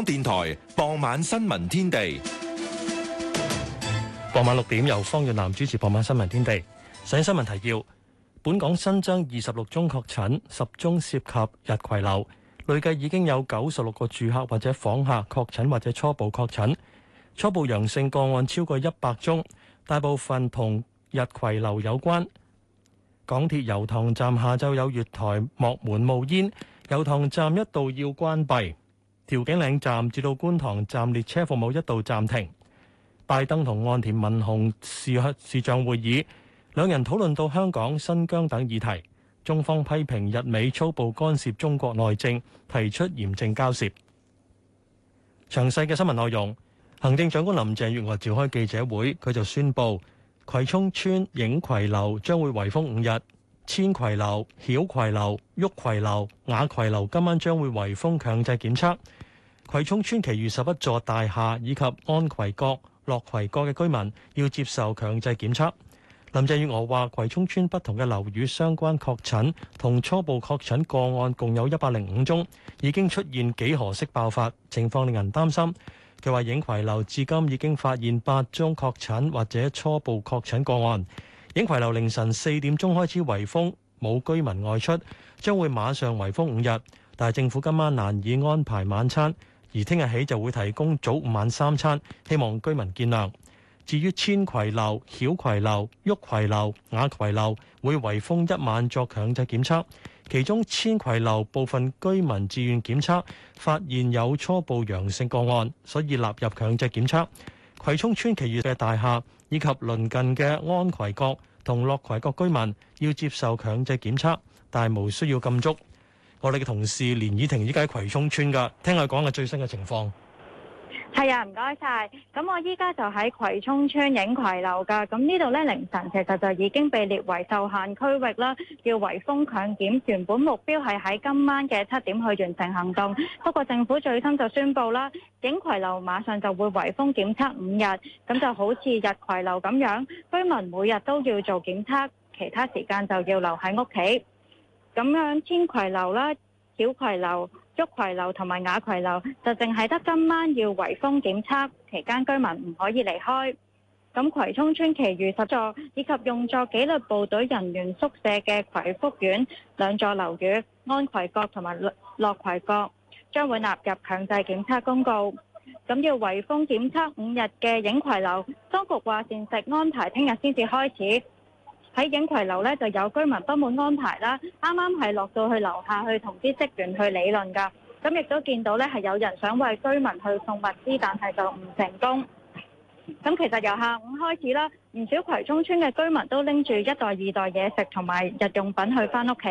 香港電台傍晚新聞天地，傍晚六點由方潤南主持。傍晚新聞天地，上新聞提要：本港新增二十六宗確診，十宗涉及日葵樓，累計已經有九十六個住客或者訪客確診或者初步確診，初步陽性個案超過一百宗，大部分同日葵樓有關。港鐵油塘站下晝有月台幕門冒煙，油塘站一度要關閉。調景嶺站至到觀塘站列車服務一度暫停。拜登同岸田文雄視吓視像會議，兩人討論到香港、新疆等議題。中方批評日美粗暴干涉中國內政，提出嚴正交涉。詳細嘅新聞內容，行政長官林鄭月娥召開記者會，佢就宣布葵涌村影葵樓將會圍封五日，千葵樓、曉葵樓、旭葵樓、雅葵樓今晚將會圍封強制檢測。葵涌邨其餘十一座大廈以及安葵閣、樂葵閣嘅居民要接受強制檢測。林鄭月娥話：葵涌邨不同嘅樓宇相關確診同初步確診個案共有一百零五宗，已經出現幾何式爆發，情況令人擔心。佢話：影葵樓至今已經發現八宗確診或者初步確診個案。影葵樓凌晨四點鐘開始圍封，冇居民外出，將會馬上圍封五日。但係政府今晚難以安排晚餐。而聽日起就會提供早午晚三餐，希望居民見諒。至於千葵樓、曉葵樓、旭葵樓、雅葵樓會圍封一晚作強制檢測，其中千葵樓部分居民自願檢測，發現有初步陽性個案，所以納入強制檢測。葵涌村其餘嘅大廈以及鄰近嘅安葵閣同樂葵閣居民要接受強制檢測，但係無需要禁足。我哋嘅同事連以婷依家喺葵涌村噶，聽下佢講嘅最新嘅情況。係啊，唔該晒。咁我依家就喺葵涌村映葵樓噶。咁呢度咧凌晨其實就已經被列為受限區域啦，叫圍封強檢。原本目標係喺今晚嘅七點去完成行動，不過政府最新就宣布啦，映葵樓馬上就會圍封檢測五日。咁就好似逸葵樓咁樣，居民每日都要做檢測，其他時間就要留喺屋企。咁樣千葵樓啦、小葵樓、竹葵樓同埋雅葵樓，就淨係得今晚要圍封檢測期間，間居民唔可以離開。咁葵涌村其餘十座以及用作紀律部隊人員宿舍嘅葵福苑兩座樓宇安葵閣同埋樂葵閣，將會納入強制檢測公告。咁要圍封檢測五日嘅影葵樓，當局話膳食安排聽日先至開始。喺影葵樓咧，就有居民不滿安排啦。啱啱係落到去樓下去同啲職員去理論㗎。咁亦都見到咧，係有人想為居民去送物資，但係就唔成功。咁其實由下午開始啦，唔少葵涌邨嘅居民都拎住一袋二袋嘢食同埋日用品去返屋企。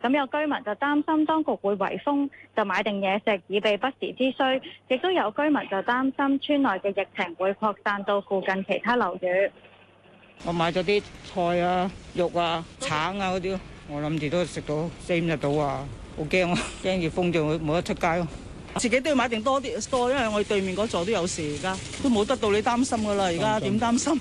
咁有居民就擔心當局會圍封，就買定嘢食以備不時之需。亦都有居民就擔心村內嘅疫情會擴散到附近其他樓宇。我買咗啲菜啊、肉啊、橙啊嗰啲，我諗住都食到四五日到啊！好驚啊，驚要封就冇冇得出街咯、啊。自己都要買定多啲多，因為我哋對面嗰座都有事，而家，都冇得到你擔心㗎喇，而家點擔心？嗯嗯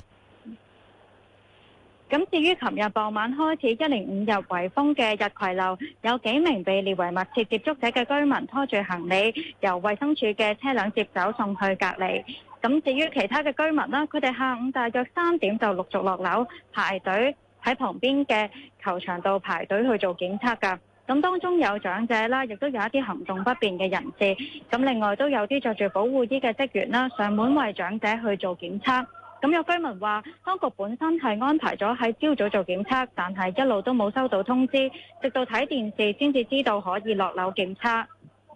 咁至於琴日傍晚開始一連五日圍封嘅日葵樓，有幾名被列為密切接觸者嘅居民拖住行李，由衛生署嘅車輛接走送去隔離。咁至於其他嘅居民啦，佢哋下午大約三點就陸續落樓排隊喺旁邊嘅球場度排隊去做檢測㗎。咁當中有長者啦，亦都有一啲行動不便嘅人士。咁另外都有啲着住保護衣嘅職員啦，上門為長者去做檢測。咁有居民話，當局本身係安排咗喺朝早做檢測，但係一路都冇收到通知，直到睇電視先至知道可以落樓檢測。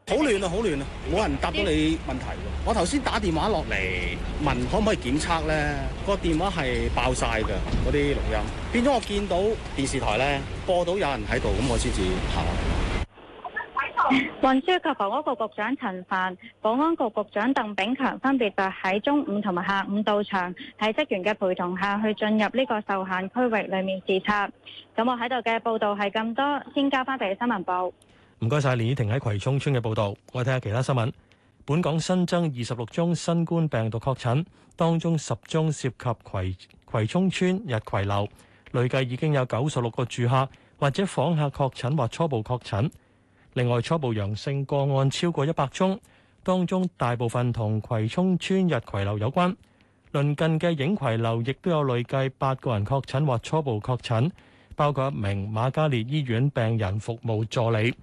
好亂啊！好亂啊！冇人答到你問題。我頭先打電話落嚟問可唔可以檢測呢？個電話係爆晒㗎，嗰啲錄音。變咗我見到電視台呢播到有人喺度，咁我先至行落嚟。運輸及房屋局局長陳帆、保安局局長鄧炳強分別就喺中午同埋下午到場，喺職員嘅陪同下，去進入呢個受限區域裏面視察。咁我喺度嘅報道係咁多，先交翻俾新聞部。唔該晒連綺婷喺葵涌村嘅報道，我睇下其他新聞。本港新增二十六宗新冠病毒確診，當中十宗涉及葵葵涌村日葵樓，累計已經有九十六個住客或者訪客確診或初步確診。另外，初步陽性個案超過一百宗，當中大部分同葵涌村日葵樓有關。鄰近嘅影葵樓亦都有累計八個人確診或初步確診，包括一名瑪嘉烈醫院病人服務助理。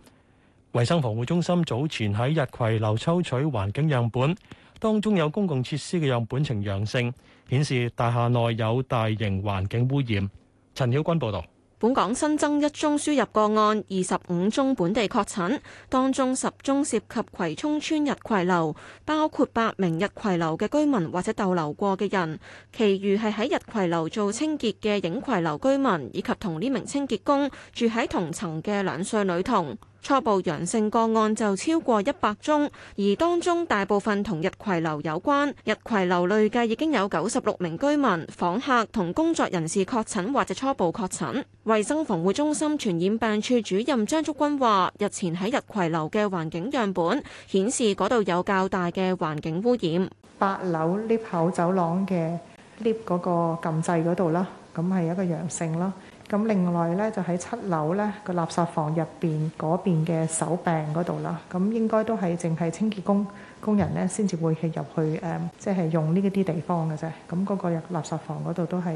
衛生防護中心早前喺日葵樓抽取環境樣本，當中有公共設施嘅樣本呈陽性，顯示大廈內有大型環境污染。陳曉君報道。本港新增一宗輸入個案，二十五宗本地確診，當中十宗涉及葵涌村日葵樓，包括八名日葵樓嘅居民或者逗留過嘅人，其餘係喺日葵樓做清潔嘅影葵樓居民，以及同呢名清潔工住喺同層嘅兩歲女童。初步陽性個案就超過一百宗，而當中大部分同日葵樓有關。日葵樓累計已經有九十六名居民、訪客同工作人士確診或者初步確診。衞生防護中心傳染病處主任張竹君話，日前喺日葵樓嘅環境樣本顯示嗰度有較大嘅環境污染。八樓 lift 口走廊嘅 lift 嗰個撳掣嗰度啦，咁係一個陽性啦。咁另外咧，就喺七樓咧、嗯，就是、個垃圾房入邊嗰邊嘅手柄嗰度啦，咁應該都係淨係清潔工工人咧先至會去入去誒，即係用呢一啲地方嘅啫。咁嗰個入垃圾房嗰度都係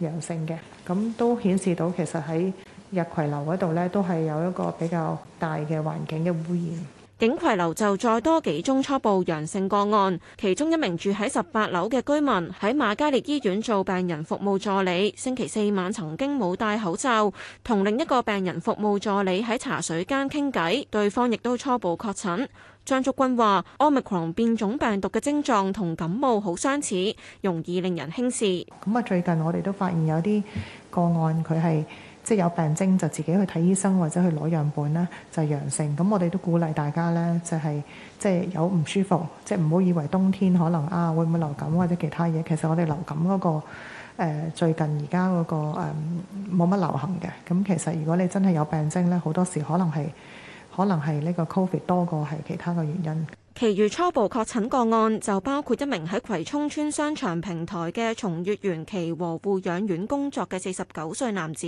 陽性嘅，咁都顯示到其實喺日葵樓嗰度咧都係有一個比較大嘅環境嘅污染。景葵樓就再多幾宗初步陽性個案，其中一名住喺十八樓嘅居民喺瑪嘉烈醫院做病人服務助理，星期四晚曾經冇戴口罩同另一個病人服務助理喺茶水間傾偈，對方亦都初步確診。張竹君話：奧密克戎變種病毒嘅症狀同感冒好相似，容易令人輕視。咁啊，最近我哋都發現有啲個案佢係。即係有病徵就自己去睇醫生或者去攞樣本啦，就係、是、陽性。咁我哋都鼓勵大家咧，就係即係有唔舒服，即係唔好以為冬天可能啊會唔會流感或者其他嘢。其實我哋流感嗰、嗰個、呃、最近而家嗰個冇乜、嗯、流行嘅。咁其實如果你真係有病徵咧，好多時可能係可能係呢個 COVID 多過係其他嘅原因。其餘初步確診個案就包括一名喺葵涌村商場平台嘅，從月園期和護養院工作嘅四十九歲男子。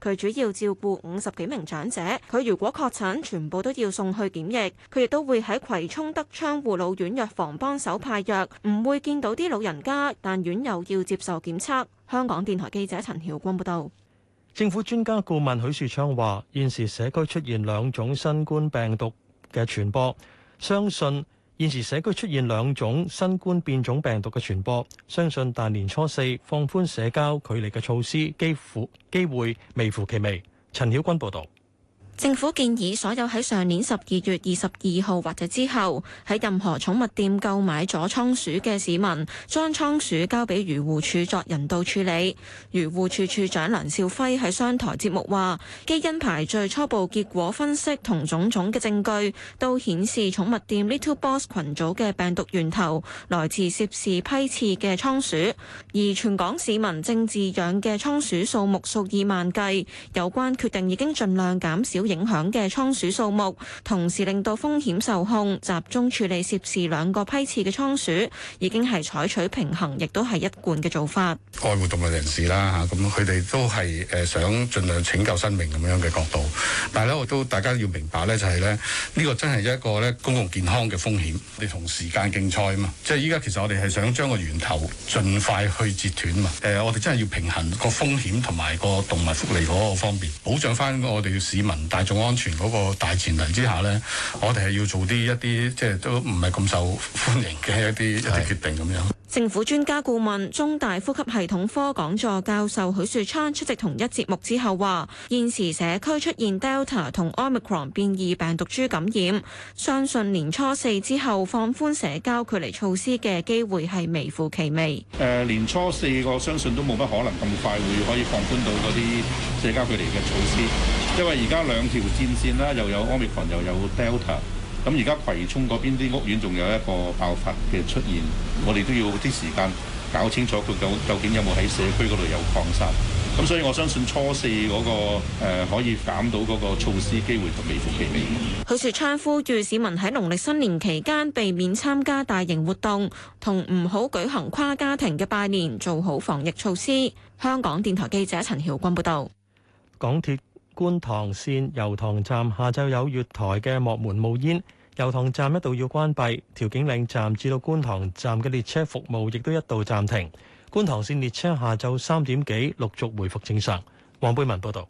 佢主要照顧五十幾名長者。佢如果確診，全部都要送去檢疫。佢亦都會喺葵涌德昌護老院藥房幫手派藥，唔會見到啲老人家，但院友要接受檢測。香港電台記者陳曉光報道。政府專家顧問許樹昌話，現時社區出現兩種新冠病毒嘅傳播。相信現時社區出現兩種新冠變種病毒嘅傳播，相信大年初四放寬社交距離嘅措施幾乎機會微乎其微。陳曉君報道。政府建議所有喺上年十二月二十二號或者之後喺任何寵物店購買咗倉鼠嘅市民，將倉鼠交俾漁護署作人道處理。漁護署署長梁少輝喺商台節目話：基因排序初步結果分析同種種嘅證據都顯示，寵物店 Little Boss 群組嘅病毒源頭來自涉事批次嘅倉鼠。而全港市民正飼養嘅倉鼠數目數以萬計，有關決定已經盡量減少影響嘅倉鼠數目，同時令到風險受控，集中處理涉事兩個批次嘅倉鼠，已經係採取平衡，亦都係一貫嘅做法。愛護動物人士啦，吓咁佢哋都係誒想盡量拯救生命咁樣嘅角度。但係咧，我都大家要明白咧，就係，就係咧呢個真係一個咧公共健康嘅風險。你同時間競賽啊嘛，即係依家其實我哋係想將個源頭盡快去截斷啊嘛。誒，我哋真係要平衡個風險同埋個動物福利嗰個方面，保障翻我哋嘅市民。大眾安全嗰個大前提之下呢、嗯、我哋係要做啲一啲即係，都唔係咁受歡迎嘅一啲一啲決定咁樣。政府專家顧問、中大呼吸系統科講座教授許樹昌出席同一節目之後話：現時社區出現 Delta 同 Omicron 變異病毒株感染，相信年初四之後放寬社交距離措施嘅機會係微乎其微。誒、呃、年初四我相信都冇乜可能咁快會可以放寬到嗰啲社交距離嘅措施，因為而家兩條戰線啦，又有 Omicron 又有 Delta。咁而家葵涌嗰邊啲屋苑仲有一個爆發嘅出現，我哋都要啲時間搞清楚佢究究竟有冇喺社區嗰度有擴散。咁所以我相信初四嗰、那個誒、呃、可以減到嗰個措施機會都微乎其微。許樹昌呼籲市民喺農曆新年期間避免參加大型活動同唔好舉行跨家庭嘅拜年，做好防疫措施。香港電台記者陳曉君報道。港鐵觀塘綫油塘站下晝有月台嘅幕門冒煙。油塘站一度要關閉，調景嶺站至到觀塘站嘅列車服務亦都一度暫停。觀塘線列車下晝三點幾，陸續回復正常。黃貝文報道。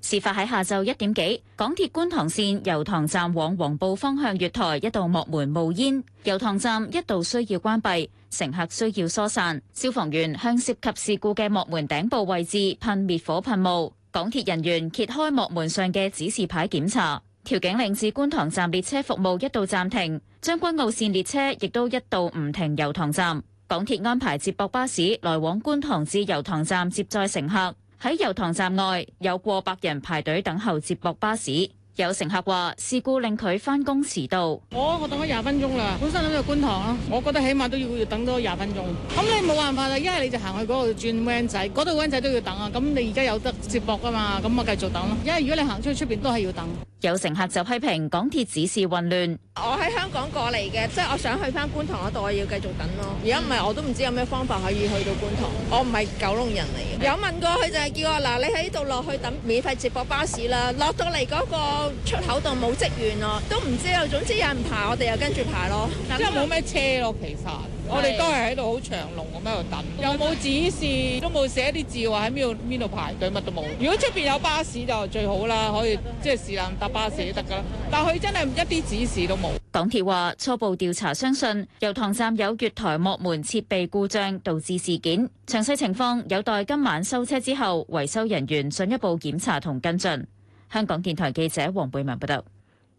事發喺下晝一點幾，港鐵觀塘線油塘站往黃埔方向月台一度幕門冒煙。油塘站一度需要關閉，乘客需要疏散。消防員向涉及事故嘅幕門頂部位置噴滅火噴霧。港鐵人員揭開幕門上嘅指示牌檢查。調景嶺至觀塘站列車服務一度暫停，將軍澳線列車亦都一度唔停油塘站。港鐵安排接駁巴士來往觀塘至油塘站接載乘客。喺油塘站外有過百人排隊等候接駁巴士。有乘客話：事故令佢翻工遲到。我我等咗廿分鐘啦，本身諗住觀塘啊，我覺得起碼都要等多廿分鐘。咁你冇辦法啦，一係你就行去嗰度轉 van 仔，嗰度 van 仔都要等啊。咁你而家有得接駁㗎嘛？咁我繼續等咯。因為如果你行出去出邊都係要等。有乘客就批評港鐵指示混亂。我喺香港過嚟嘅，即係我想去翻觀塘嗰度，我，我要繼續等咯。而家唔係我都唔知有咩方法可以去到觀塘。我唔係九龍人嚟嘅。的有問過佢就係叫我嗱，你喺度落去等免費接駁巴士啦。落到嚟嗰個出口度冇職員咯，都唔知啊。總之有人排，我哋又跟住排咯。即係冇咩車咯，其實。是我哋都係喺度好長龍咁喺度等，又冇指示，都冇寫啲字話喺邊度邊度排隊，乜都冇。如果出邊有巴士就最好啦，可以是即係是但搭巴士都得㗎。但係佢真係一啲指示都冇。港鐵話初步調查相信油塘站有月台幕門設備故障導致事件，詳細情況有待今晚收車之後維修人員進一步檢查同跟進。香港電台記者黃貝文報道。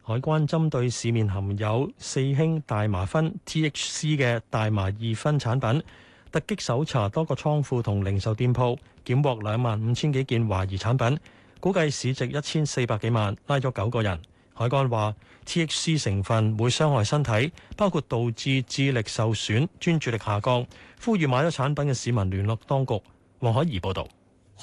海關針對市面含有四氫大麻酚 （THC） 嘅大麻二酚產品，突擊搜查多個倉庫同零售店鋪，檢獲兩萬五千幾件懷疑產品，估計市值一千四百幾萬，拉咗九個人。海關話 THC 成分會傷害身體，包括導致智力受損、專注力下降，呼籲買咗產品嘅市民聯絡當局。黃海怡報導。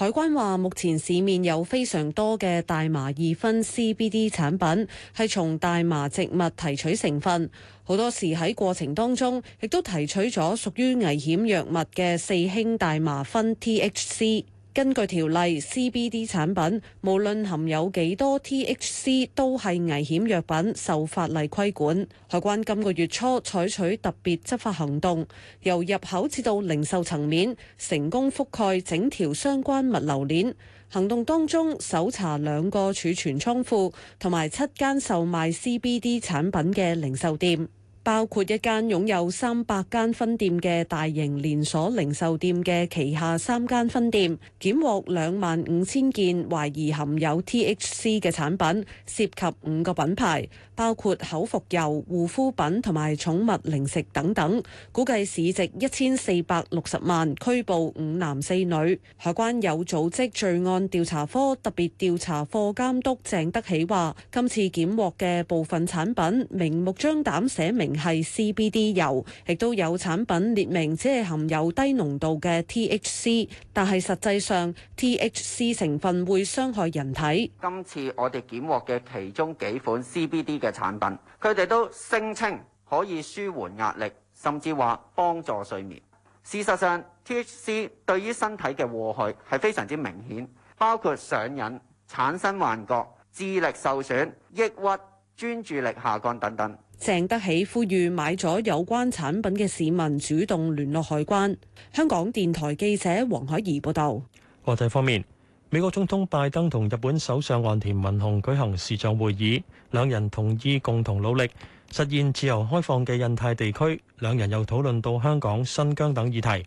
海關話：目前市面有非常多嘅大麻二酚 CBD 產品，係從大麻植物提取成分，好多時喺過程當中亦都提取咗屬於危險藥物嘅四氫大麻酚 THC。根據條例，CBD 產品無論含有幾多 THC，都係危險藥品，受法例規管。海關今個月初採取特別執法行動，由入口至到零售層面，成功覆蓋整條相關物流鏈。行動當中，搜查兩個儲存倉庫同埋七間售賣 CBD 產品嘅零售店。包括一間擁有三百間分店嘅大型連鎖零售店嘅旗下三間分店，檢獲兩萬五千件懷疑含有 THC 嘅產品，涉及五個品牌。包括口服油、護膚品同埋寵物零食等等，估計市值一千四百六十萬，拘捕五男四女。海關有組織罪案調查科特別調查課監督鄭德喜話：今次檢獲嘅部分產品明目張膽寫明係 CBD 油，亦都有產品列明只係含有低濃度嘅 THC，但係實際上 THC 成分會傷害人體。今次我哋檢獲嘅其中幾款 CBD 嘅嘅產品，佢哋都聲稱可以舒緩壓力，甚至話幫助睡眠。事實上，THC 對於身體嘅禍害係非常之明顯，包括上癮、產生幻覺、智力受損、抑鬱、專注力下降等等。鄭德喜呼籲買咗有關產品嘅市民主動聯絡海關。香港電台記者黃海怡報道。國際方面。美國總統拜登同日本首相岸田文雄舉行視像會議，兩人同意共同努力實現自由開放嘅印太地區。兩人又討論到香港、新疆等議題。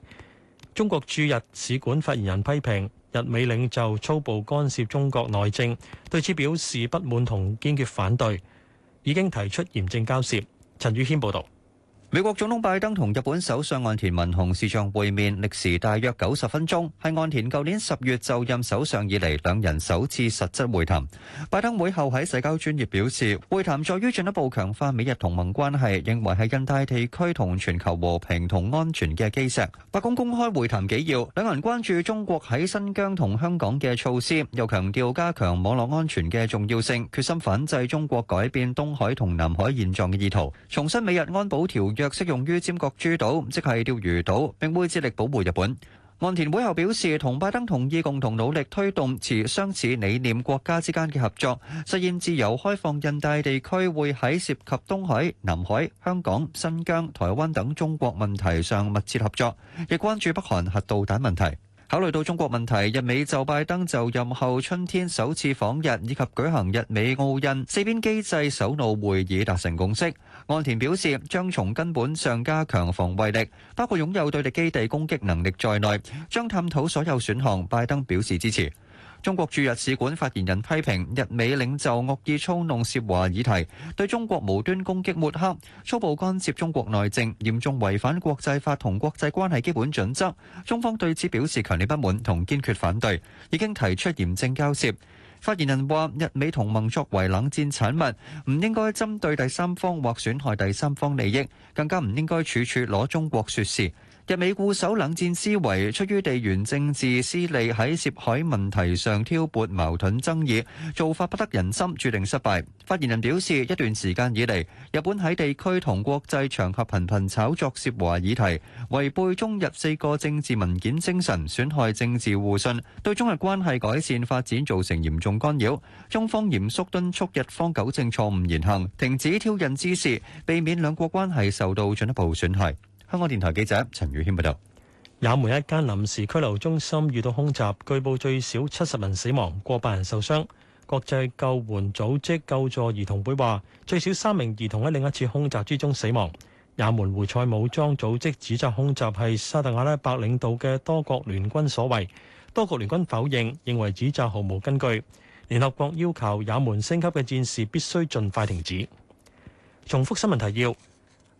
中國駐日使館發言人批評日美領袖粗暴干涉中國內政，對此表示不滿同堅決反對，已經提出嚴正交涉。陳宇軒報導。美國總統拜登同日本首相岸田文雄視像會面，歷時大約九十分鐘，係岸田舊年十月就任首相以嚟兩人首次實質會談。拜登會後喺社交專頁表示，會談在於進一步強化美日同盟關係，認為係印太地區同全球和平同安全嘅基石。白宮公開會談紀要，兩人關注中國喺新疆同香港嘅措施，又強調加強網絡安全嘅重要性，決心反制中國改變東海同南海現狀嘅意圖，重申美日安保條約。若適用於尖閣諸島，即係釣魚島，並會致力保護日本。岸田會後表示，同拜登同意共同努力推動持相似理念國家之間嘅合作，實現自由開放印太地區。會喺涉及東海、南海、香港、新疆、台灣等中國問題上密切合作，亦關注北韓核導彈問題。考慮到中國問題，日美就拜登就任後春天首次訪日以及舉行日美澳印四邊機制首腦會議達成共識。岸田表示將從根本上加強防衛力,包括擁有對敵基地攻擊能力在內，將探討所有選項。拜登表示支持。中國駐日使館發言人批評，日美領袖惡意操弄涉華議題，對中國無端攻擊抹黑，粗暴干涉中國內政，嚴重違反國際法同國際關係基本準則，中方對此表示強烈不滿同堅決反對，已經提出嚴正交涉。發言人話，日美同盟作為冷戰產物，唔應該針對第三方或損害第三方利益，更加唔應該處處攞中國說事。日美固守冷戰思維，出於地緣政治私利香港電台記者陳宇謙報道：也門一間臨時拘留中心遇到空襲，據報最少七十人死亡，過百人受傷。國際救援組織救助兒童會話，最少三名兒童喺另一次空襲之中死亡。也門胡塞武裝組織指責空襲係沙特阿拉伯領導嘅多國聯軍所為，多國聯軍否認，認為指責毫無根據。聯合國要求也門升級嘅戰事必須盡快停止。重複新聞提要。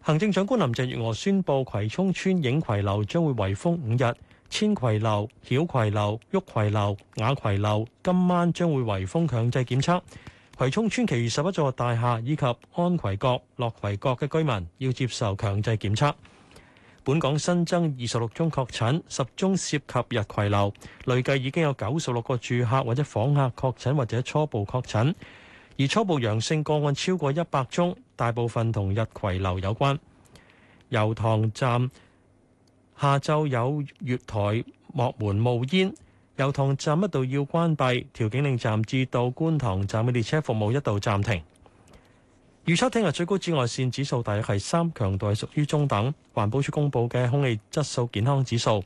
行政長官林鄭月娥宣布，葵涌村影葵樓將會圍封五日，千葵樓、曉葵樓、旭葵樓、雅葵樓今晚將會圍封強制檢測。葵涌村其餘十一座大廈以及安葵閣、樂葵閣嘅居民要接受強制檢測。本港新增二十六宗確診，十宗涉及日葵樓，累計已經有九十六個住客或者訪客確診或者初步確診。而初步陽性個案超過一百宗，大部分同日葵樓有關。油塘站下晝有月台幕門冒煙，油塘站一度要關閉。調景嶺站至到觀塘站嘅列車服務一度暫停。預測聽日最高紫外線指數大約係三強度，係屬於中等。環保署公佈嘅空氣質素健康指數，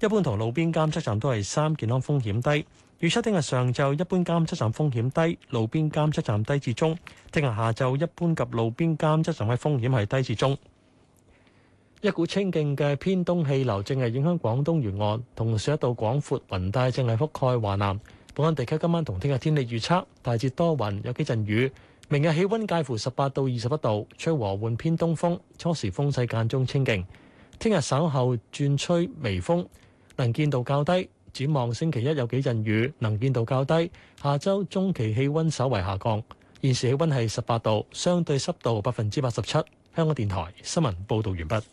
一般同路邊監測站都係三，健康風險低。預測聽日上晝一般監測站風險低，路邊監測站低至中。聽日下晝一般及路邊監測站嘅風險係低至中。一股清勁嘅偏東氣流正係影響廣東沿岸，同時一道廣闊雲帶正係覆蓋華南。本港地區今晚同聽日天氣預測大致多雲，有幾陣雨。明日氣温介乎十八到二十一度，吹和緩偏東風，初時風勢間中清勁。聽日稍後轉吹微風，能見度較低。展望星期一有幾陣雨，能見度較低。下周中期氣溫稍為下降，現時氣溫係十八度，相對濕度百分之八十七。香港電台新聞報道完畢。